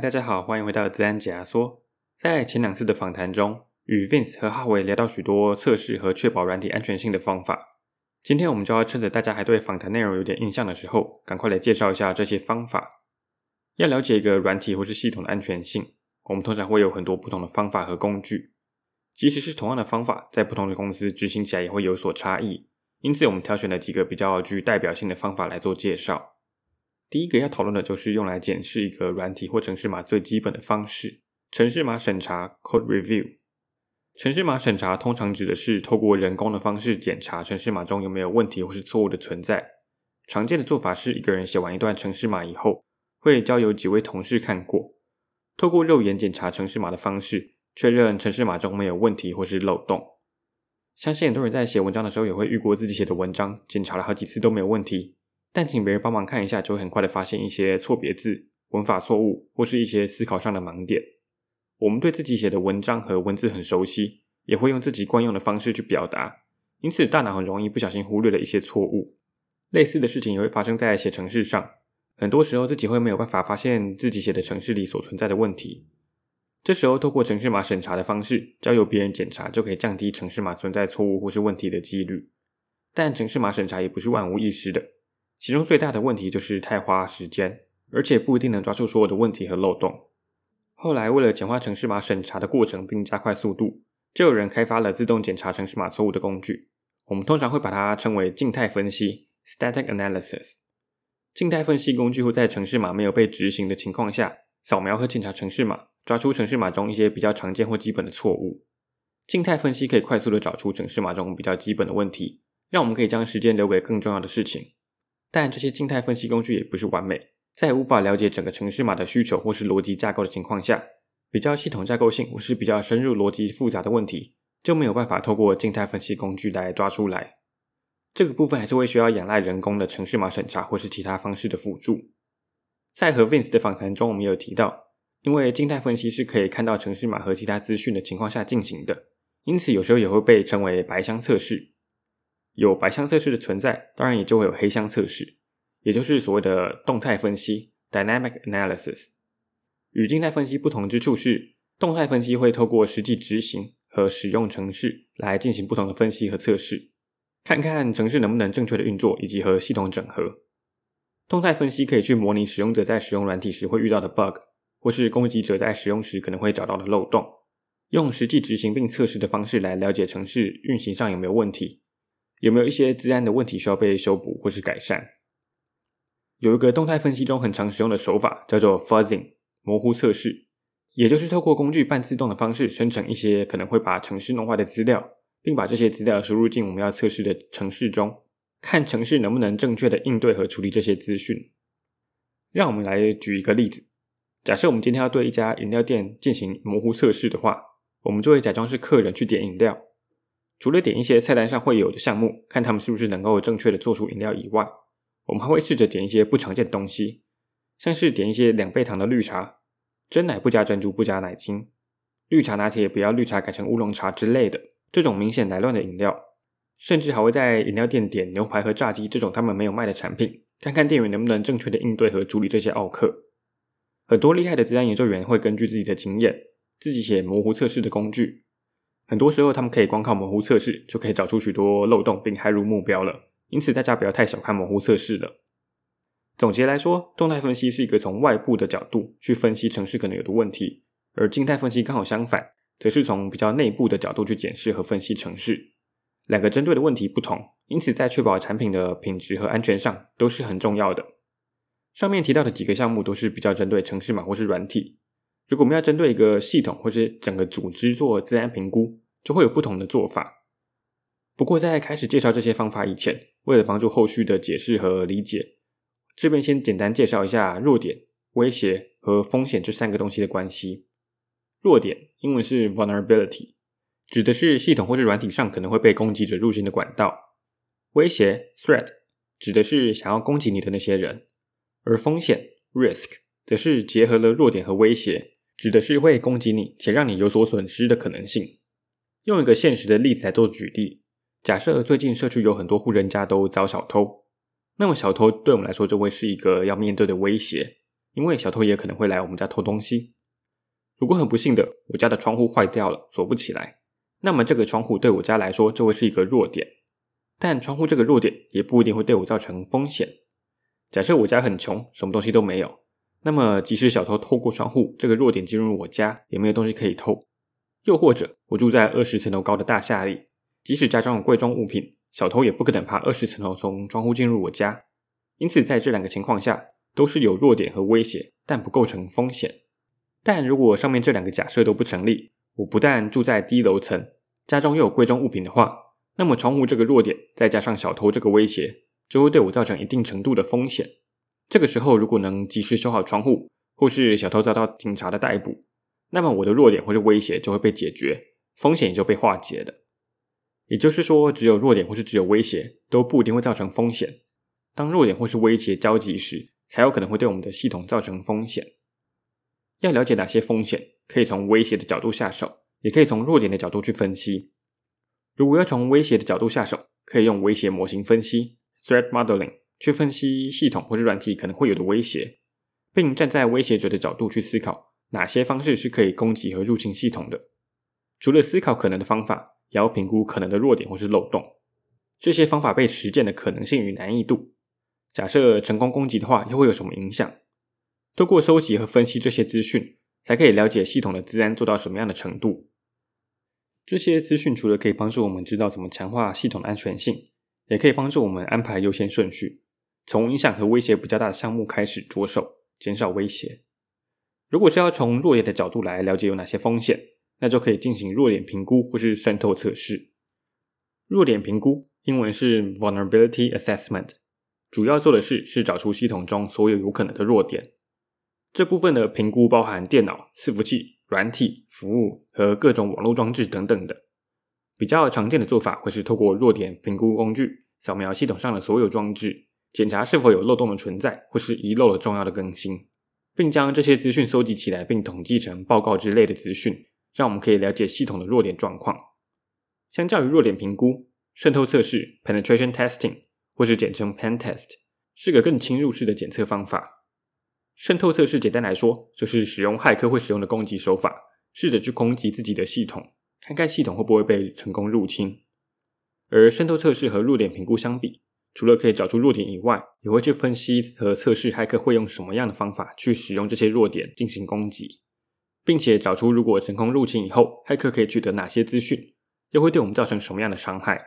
大家好，歡迎回到資安解壓縮。在前兩次的訪談中，與 Vince 和哈維聊到許多測試和確保軟體安全性的方法。今天我們就要趁着大家還對訪談內容有點印象的時候，趕快來介紹一下這些方法。要了解一個軟體或是系統的安全性，我們通常會有很多不同的方法和工具。即使是同樣的方法，在不同的公司執行起來也會有所差異。因此，我們挑選了幾個比較具代表性的方法來做介紹。第一個要討論的，就是用來檢視一個軟體或程式碼最基本的方式——程式碼審查 （Code Review）。程式碼審查通常指的是透過人工的方式檢查程式碼中有沒有問題或是錯誤的存在。常見的做法是一個人寫完一段程式碼以後，會交由幾位同事看過，透過肉眼檢查程式碼的方式，確認程式碼中沒有問題或是漏洞。相信很多人在寫文章的時候，也會遇過自己寫的文章，檢查了好幾次都沒有問題。但請別人幫忙看一下，就會很快地發現一些錯別字、文法錯誤或是一些思考上的盲點。我們對自己寫的文章和文字很熟悉，也會用自己慣用的方式去表達，因此大腦很容易不小心忽略了一些錯誤。類似的事情也會發生在寫程式上，很多時候自己會沒有辦法發現自己寫的程式裡所存在的問題。這時候透過程式碼審查的方式，交由別人檢查，就可以降低程式碼存在錯誤或是問題的幾率。但程式碼審查也不是萬無一失的。其中最大的問題就是太花時間，而且不一定能抓住所有的問題和漏洞。後來，為了簡化程式碼審查的過程並加快速度，就有人開發了自動檢查程式碼錯誤的工具。我們通常會把它稱為靜態分析 （Static Analysis）。靜態分析工具會在程式碼沒有被執行的情況下，掃描和檢查程式碼，抓出程式碼中一些比較常見或基本的錯誤。靜態分析可以快速地找出程式碼中比較基本的問題，讓我們可以將時間留給更重要的事情。但這些靜態分析工具也不是完美，在無法了解整個程式碼的需求或是邏輯架構的情況下，比較系統架構性或是比較深入、邏輯複雜的問題，就沒有辦法透過靜態分析工具來抓出來。這個部分還是會需要仰賴人工的程式碼審查或是其他方式的輔助。在和 Vince 的訪談中，我們有提到，因為靜態分析是可以看到程式碼和其他資訊的情況下進行的，因此有時候也會被稱為白箱測試。有白箱測試的存在，當然也就會有黑箱測試，也就是所謂的動態分析 （dynamic analysis）。與靜態分析不同之處是，動態分析會透過實際執行和使用程式來進行不同的分析和測試，看看程式能不能正確的運作以及和系統整合。動態分析可以去模擬使用者在使用軟體時會遇到的 bug，或是攻擊者在使用時可能會找到的漏洞，用實際執行並測試的方式來了解程式運行上有沒有問題。有沒有一些資安的問題需要被修補或是改善？有一個動態分析中很常使用的手法叫做 fuzzing（ 模糊測試），也就是透過工具半自動的方式生成一些可能會把程式弄壞的資料，並把這些資料輸入進我們要測試的程式中，看程式能不能正確的應對和處理這些資訊。讓我們來舉一個例子，假設我們今天要對一家飲料店進行模糊測試的話，我們就會假裝是客人去點飲料。除了點一些菜單上會有的項目，看他們是不是能夠正確的做出飲料以外，我們還會試着點一些不常見的東西，像是點一些兩倍糖的綠茶，珍奶不加珍珠不加奶精，綠茶拿鐵也不要綠茶改成烏龍茶之類的這種明顯來亂，亂的飲料，甚至還會在飲料店點牛排和炸雞這種他們沒有賣的產品，看看店員能不能正確的應對和處理這些奧客。很多厲害的資深研究員會根據自己的經驗，自己寫模糊測試的工具。很多時候，他們可以光靠模糊測試就可以找出許多漏洞並駭入目標了。因此，大家不要太小看模糊測試了。總結來說，動態分析是一個從外部的角度去分析程式可能有的問題，而靜態分析剛好相反，則是從比較內部的角度去檢視和分析程式。兩個針對的問題不同，因此在確保產品的品質和安全上都是很重要的。上面提到的幾個項目都是比較針對程式碼，或是軟體。如果我們要針對一個系統或是整個組織做資安評估，就會有不同的做法。不過，在開始介紹這些方法以前，為了幫助後續的解釋和理解，這邊先簡單介紹一下弱點、威脅和風險這三個東西的關係。弱點（英文是 vulnerability） 指的是系統或者軟體上可能會被攻擊者入侵的管道；威脅 （threat） 指的是想要攻擊你的那些人；而風險 （risk） 則是結合了弱點和威脅，指的是會攻擊你且讓你有所損失的可能性。用一個現實的例子來做舉例，假設最近社區有很多戶人家都遭小偷，那麼小偷對我們來說就會是一個要面對的威脅，因為小偷也可能會來我們家偷東西。如果很不幸的，我家的窗戶壞掉了，鎖不起來，那麼這個窗戶對我家來說就會是一個弱點。但窗戶這個弱點也不一定會對我造成風險。假設我家很窮，什麼東西都沒有，那麼即使小偷透過窗戶，這個弱點進入我家，也沒有東西可以偷。又或者我住在二十層樓高的大廈裡，即使家中有貴重物品，小偷也不可能爬二十層樓從窗戶進入我家。因此，在這兩個情況下，都是有弱點和威脅，但不構成風險。但如果上面這兩個假設都不成立，我不但住在低樓層，家中又有貴重物品的話，那麼窗戶這個弱點再加上小偷這個威脅，就會對我造成一定程度的風險。這個時候，如果能及時修好窗戶，或是小偷遭到警察的逮捕。那麼我的弱點或是威脅就會被解決，風險也就被化解了。也就是說，只有弱點或是只有威脅都不一定會造成風險。當弱點或是威脅交集時，才有可能會對我們的系統造成風險。要了解哪些風險，可以從威脅的角度下手，也可以從弱點的角度去分析。如果要從威脅的角度下手，可以用威脅模型分析 （threat modeling） 去分析系統或是軟體可能會有的威脅，並站在威脅者的角度去思考。哪些方式是可以攻擊和入侵系統的？除了思考可能的方法，也要評估可能的弱點或是漏洞，這些方法被實踐的可能性與難易度。假設成功攻擊的話，又會有什麼影響？透過蒐集和分析這些資訊，才可以了解系統的資安做到什麼樣的程度。這些資訊除了可以幫助我們知道怎麼強化系統的安全性，也可以幫助我們安排優先順序，從影響和威脅比較大的項目開始着手，減少威脅。如果是要從弱點的角度來了解有哪些風險，那就可以進行弱點評估或是滲透測試。弱點評估英文是 Vulnerability Assessment，主要做的事是，是找出系統中所有有可能的弱點。這部分的評估包含電腦、伺服器、軟體、服務和各種網絡裝置等等的。比較常見的做法會是透過弱點評估工具掃描系統上的所有裝置，檢查是否有漏洞的存在或是遺漏了重要的更新。並將這些資訊搜集起來，並統計成報告之類的資訊，讓我們可以了解系統的弱點狀況。相較於弱點評估，滲透測試 （penetration testing） 或是簡稱 pen test，是個更侵入式的檢測方法。滲透測試簡單來說，就是使用駭客會使用的攻擊手法，試着去攻擊自己的系統，看看系統會不會被成功入侵。而滲透測試和弱點評估相比，除了可以找出弱點以外，也會去分析和測試駭客會用什麼樣的方法去使用這些弱點進行攻擊，並且找出如果成功入侵以後，駭客可以取得哪些資訊，又會對我們造成什麼樣的傷害。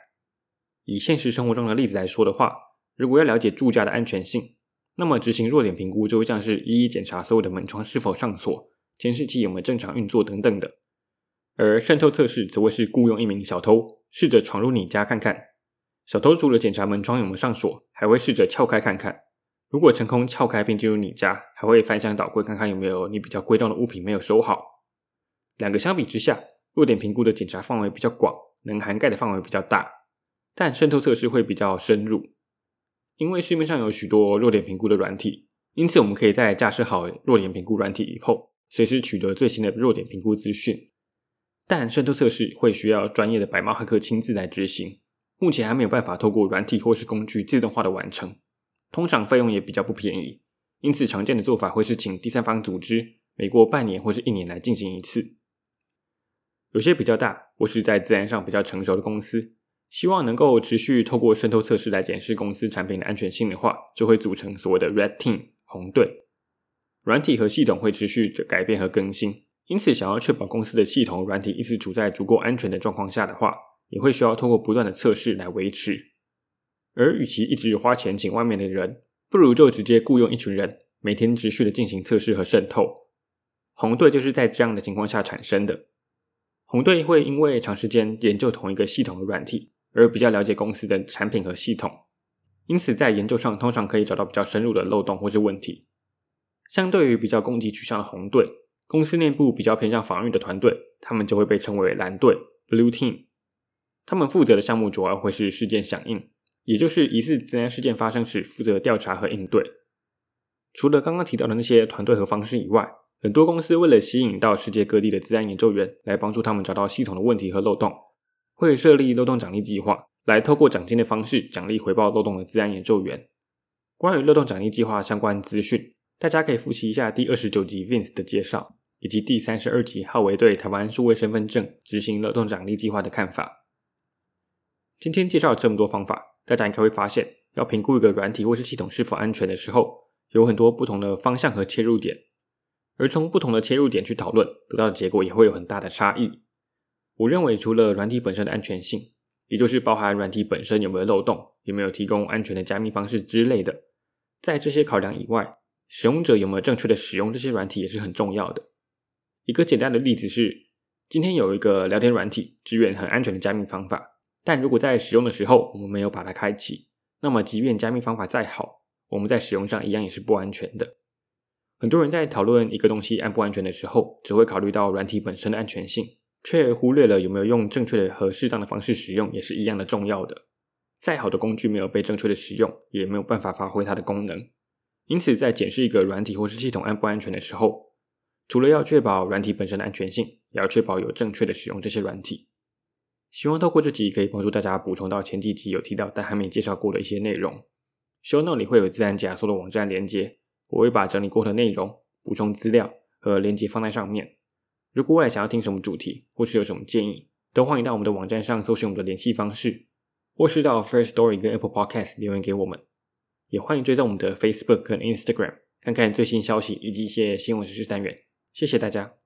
以現實生活中的例子來說的話，如果要了解住家的安全性，那麼執行弱點評估就會像是一一檢查所有的門窗是否上鎖、監視器有沒有正常運作等等的；而滲透測試則會是雇傭一名小偷，試着闖入你家看看。小偷除了檢查門窗有沒有上鎖，還會試着撬開看看。如果成功撬開並進入你家，還會翻箱倒櫃看看有沒有你比較貴重的物品沒有收好。兩個相比之下，弱點評估的檢查範圍比較廣，能涵蓋的範圍比較大，但滲透測試會比較深入。因為市面上有許多弱點評估的軟體，因此我們可以在架設好弱點評估軟體以後，隨時取得最新的弱點評估資訊。但滲透測試會需要專業的白帽黑客親自來執行。目前還沒有辦法透過軟體或是工具自動化的完成，通常費用也比較不便宜，因此常見的做法會是請第三方組織每過半年或是一年來進行一次。有些比較大或是在自然上比較成熟的公司，希望能夠持續透過滲透測試來檢視公司產品的安全性的話，就會組成所謂的 Red Team 紅隊。軟體和系統會持續的改變和更新，因此想要確保公司的系統軟體一直處在足夠安全的狀況下的話，也會需要通過不斷的測試來維持，而與其一直花錢請外面的人，不如就直接僱傭一群人，每天持續的進行測試和滲透。紅隊就是在這樣的情況下產生的。紅隊會因為長時間研究同一個系統的軟體，而比較了解公司的產品和系統，因此在研究上通常可以找到比較深入的漏洞或是問題。相對於比較攻擊取向的紅隊，公司內部比較偏向防禦的團隊，他們就會被稱為藍隊 （Blue Team）。他們負責的項目主要會是事件響應，也就是疑似資安事件發生時負責調查和應對。除了剛剛提到的那些團隊和方式以外，很多公司為了吸引到世界各地的資安研究員來幫助他們找到系統的問題和漏洞，會設立漏洞獎勵計劃，來透過獎金的方式獎勵回報漏洞的資安研究員。關於漏洞獎勵計劃相關資訊，大家可以複習一下第二十九集 Vince 的介紹，以及第三十二集浩維對台灣數位身份證執行漏洞獎勵計劃的看法。今天介紹了這麼多方法，大家應該會發現，要評估一個軟體或是系統是否安全的時候，有很多不同的方向和切入點。而從不同的切入點去討論，得到的結果也會有很大的差異。我認為，除了軟體本身的安全性，也就是包含軟體本身有沒有漏洞，有沒有提供安全的加密方式之類的，在這些考量以外，使用者有沒有正確的使用這些軟體也是很重要的。一個簡單的例子是，今天有一個聊天軟體支援很安全的加密方法。但如果在使用的時候，我們沒有把它開啟，那麼即便加密方法再好，我們在使用上一樣也是不安全的。很多人在討論一個東西安不安全的時候，只會考慮到軟體本身的安全性，卻忽略了有沒有用正確的和適當的方式使用也是一樣的重要的。再好的工具沒有被正確的使用，也沒有辦法發揮它的功能。因此，在檢視一個軟體或是系統安不安全的時候，除了要確保軟體本身的安全性，也要確保有正確的使用這些軟體。希望透過這集可以幫助大家補充到前幾集有提到但還沒介紹過的一些內容。Show Note 裡會有自然簡縮的網站連接，我會把整理過的內容、補充資料和鏈接放在上面。如果未來想要聽什麼主題或是有什麼建議，都歡迎到我們的網站上搜尋我們的聯繫方式，或是到 Firstory 跟 Apple Podcast 留言給我們。也歡迎追蹤我們的 Facebook 跟 Instagram，看看最新消息以及一些新聞時事單元。謝謝大家。